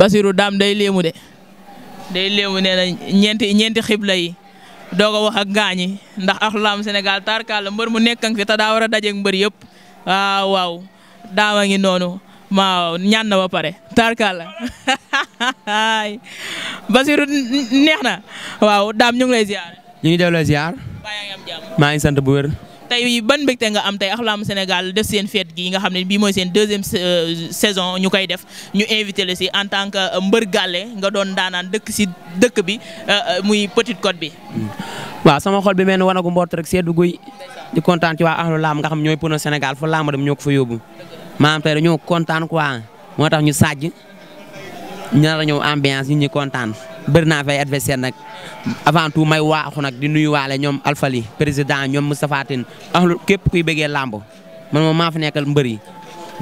Basiru daam day léemu de day léemu nee na ñeenti ñeenti xibla yi doog a wax ak gaañi ndax ak Sénégal tarkaala mbër mu nekk nga fi daa war a dajeeg mbër yëpp ah, waaw waaw daama ngi noonu ma ñaan na ba pare tarkaala Basiru neex na waaw daam ñu ngi lay ziar. ñu ngi delloo ziar. maa ngi sant tey ban mbégte nga am tey Ahlaamu Sénégal def seen fête gi nga xam ne bii mooy seen deuxième euh, saison ñu koy def ñu invité le si en tant que euh, mbër gàlle nga doon daanaan dëkk si dëkk bi euh, muy Petite Côte bi. Hmm. waaw sama xol bi mel wana wanagu mboot rek seddu guy di kontaan ci waa ahlu laam nga xam ñooy pono Sénégal fu laam dem ñoo ko fa yóbbu maanaam tey dañoo kontaan quoi moo tax ñu sàjj ñu nar a ñëw ambiance ñun ñi kontaan. bëri naa fay adversaire nag avant tout may waaxu nag di nuyuwaale ñoom Alfali président ñoom Moustapha Tine ahlu ku kuy bëggee làmb man moom maa fa nekkal mbër yi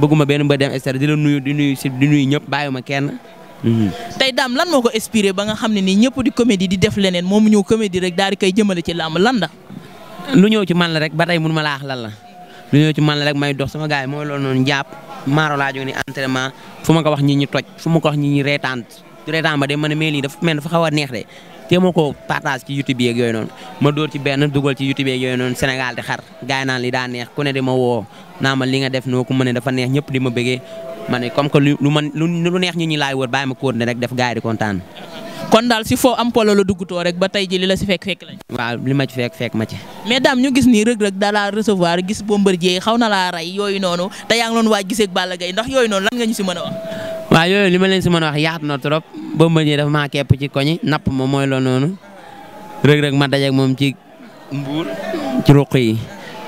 bëgguma benn mbër dem extérieur di la nuyu di nuyu si di nuyu ñëpp bàyyiwuma kenn. Mhm. tey daam lan moo ko inspiré ba nga xam ne nii ñëpp di comédie di def leneen moom ñëw comédie rek daal di koy jëmale ci làmb lan la. lu ñëw ci man la rek ba tey mënu ma laax lan la lu ñëw ci man la rek may dox sama gars yi mooy loolu noonu jàpp maaro laa jógee ni ma ko wax ñi ñu toj fu ma ko wax ñi ñu reetaan di reetaan ba de ma ne mais lii dafa mel dafa xaw a neex de te ma ko ci YouTube yooyu noonu ma dóor ci benn dugal ci YouTube yooyu noonu Sénégal di xar gaay li daa neex ku ne ma woo naa ma li def noo ko mënee dafa neex ñëpp di ma bëggee ma ne comme def gaay di kontaan. kon daal si foo am polo ba tey ji li la si fekk fekk lañ. waaw li ma ci fekk fekk ma daam ñu gis nii rëg-rëg da laa recevoir gis Bombardier xaw na laa rey yooyu noonu te a waaw yooyu li ma leen si mën a wax yaatu na trop Bombardier dafa maa kepp ci koñi napp ma mooy loolu noonu Reug Reug ma dajeeg moom ci mbuur ci ruq yi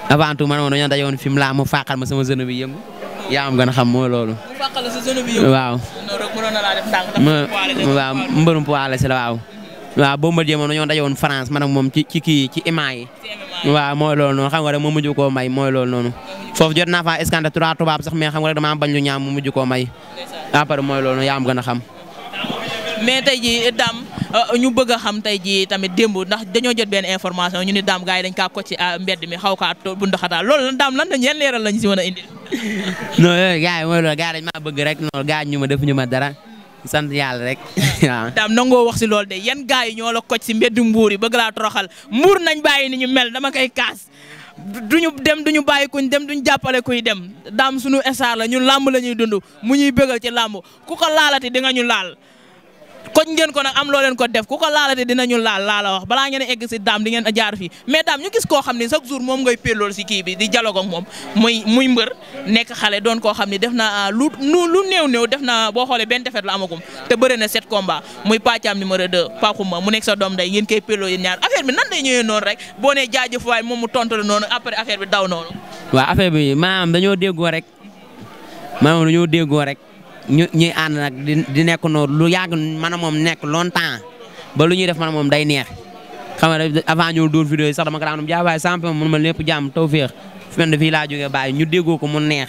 avant tout man ma dañoo daje fi mu laa mu fàqal ma sama zone bi yëngu yaa am gën a xam mooy loolu. mu fàqal sa zone bi yëngu. waaw waaw mbërum poids si la moom ci ci kii ci MMA yi. waaw noonu xam nga rek ma mujj koo may mooy loolu noonu. foofu jot naa faa escanté trois tubaab sax mais xam nga rek damaa bañ lu ñaam mu mujj koo may. après mooy loolu yaa am gën a xam. mais tey jii Dame euh, ñu bëgg a xam tey jii tamit démb ndax dañoo jot benn information ñu ni Dame gars yi dañ kaa ko ci euh, mbedd mi xaw kaa bu ndoxataa loolu lan Dame lan lañ yan leeral lañ si mën a indil. non yooyu gars yi mooy loolu gars dañ maa bëgg rek noonu gars ñu ma def ñu ma dara sant yàlla rek waaw. Dame nangoo wax si loolu de yan gars ñoo la ko mbedd mbuur yi bëgg laa mbuur nañ bàyyi ni mel dama koy kaas. du ñu dem du ñu bàyyi kuñ dem duñu jàppale kuy dem daam suñu estaar la ñun làmb la ñuy dundu mu ñuy bëggal ci làmb ku ko laalati di nga ñu laal koñ ngeen ko nag am looleen leen ko def ku ko laalate dinañu laal laa la wax balaa ngeen egg si daam di ngeen jaar fii mais daam ñu gis koo xam ne chaque jour moom ngay pellool si kii di dialogue moom muy mbër nekk xale doon koo xam ne def na ah, lu lu néew néew def na boo xoolee benn defet la amagum te bëre na sept combat muy pàccaam numéro 2 Paxuma mu nekk sa doom day ngeen koy pellool yéen ñaar affaire bi nan day ñëwee noonu rek boo nee jaajëf waay moom mu tontu la noonu après affaire bi daw noonu waaw affaire bi maanaam rek maanaam dañoo déggoo rek ñu ñuy ànd nag di di nekk noonu lu yàgg man a moom nekk longtemps ba lu ñuy def man moom day neex xam nga avant ñëw dóor vidéo sax dama ko daan jaay waaye champion mun ma lépp jàmm taw féex fii laa jógee bàyyi ñu déggoo ko mu neex.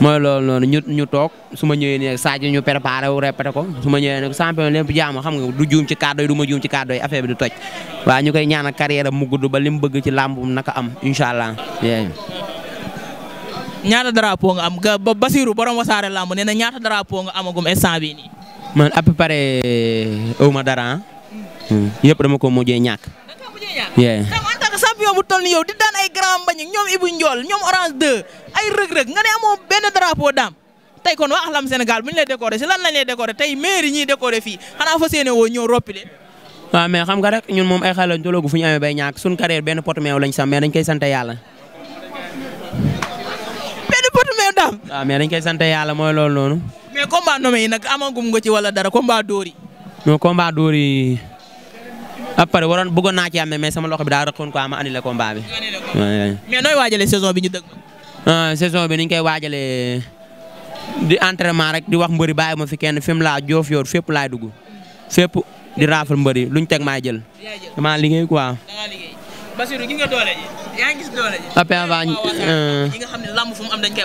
mooy loolu noonu ñu ñu toog su ma ñëwee nii Sadio ñu préparé wu répété ko su ma ñëwee nag champion lépp jàmm xam nga du juum ci kàddu du ma juum ci kàddu yi affaire bi du toj waaye ñu koy ñaanal carrière mu gudd ba li mu bëgg ci làmbum naka am incha allah. ñaata drapeau nga am ga ba Basirou borom wasaare làmb nee na ñaata drapeau nga amagum instant bii nii. man à peu près euh, ma dara ah. hmm. yëpp dama ko mujjee ñàkk. da nga bu toll ni yow di daan ay grand mbañ ñoom Ibou Ndiol ñoom Orange 2 ay rëg amoo benn drapeau daam tey kon waa Ahlam Sénégal bu ñu lay décorer si lan lañ lay décorer tey maire yi ñuy décorer fii xanaa fa séenee woo ñëw roppi leen. waaw xam nga rek ñun moom ay xale lañ toloogu fu ñu amee bay pot meew lañ sam mais dañ koy sant yàlla waaw ah, mais dañ koy sant yàlla mooy loolu noonu. mais combat nommé yi nag amagum nga ci dara combat dóor yi. non combat dóor yi après bëggoon naa ci amee mais sama loxo bi daa rëqoon quoi ma annulé combat nooy waajalee saison bi ñu dëgg. Ah, saison bi niñ koy waajalee di entraînement rek di wax mbëri bàyyi ma fi kenn fi laa joof yoor fépp laay dugg fépp di raafal mbëri luñ teg maay jël. maa liggéey quoi. Basirou koy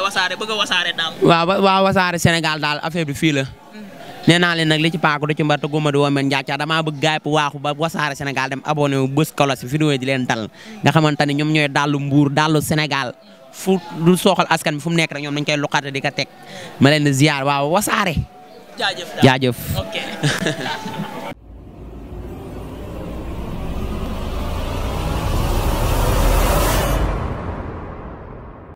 wasaare bëgg a daal. waaw waaw wasaare Sénégal daal affaire bi fii la. Mm. nee naa leen nag li ci paaku du ci mbar te guma di woomeen njaaca damaa bëgg gaay bu ba wasaare Sénégal dem abonné wu bës kolo si vidéo yi di leen dal nga xamante ne ñoom ñooy dallu mbuur dallu Sénégal fu du sooxal askan bi fu mu nekk rek ñoom dañ koy luqate di ko teg ma leen di ziar waaw wasaare. jaajëf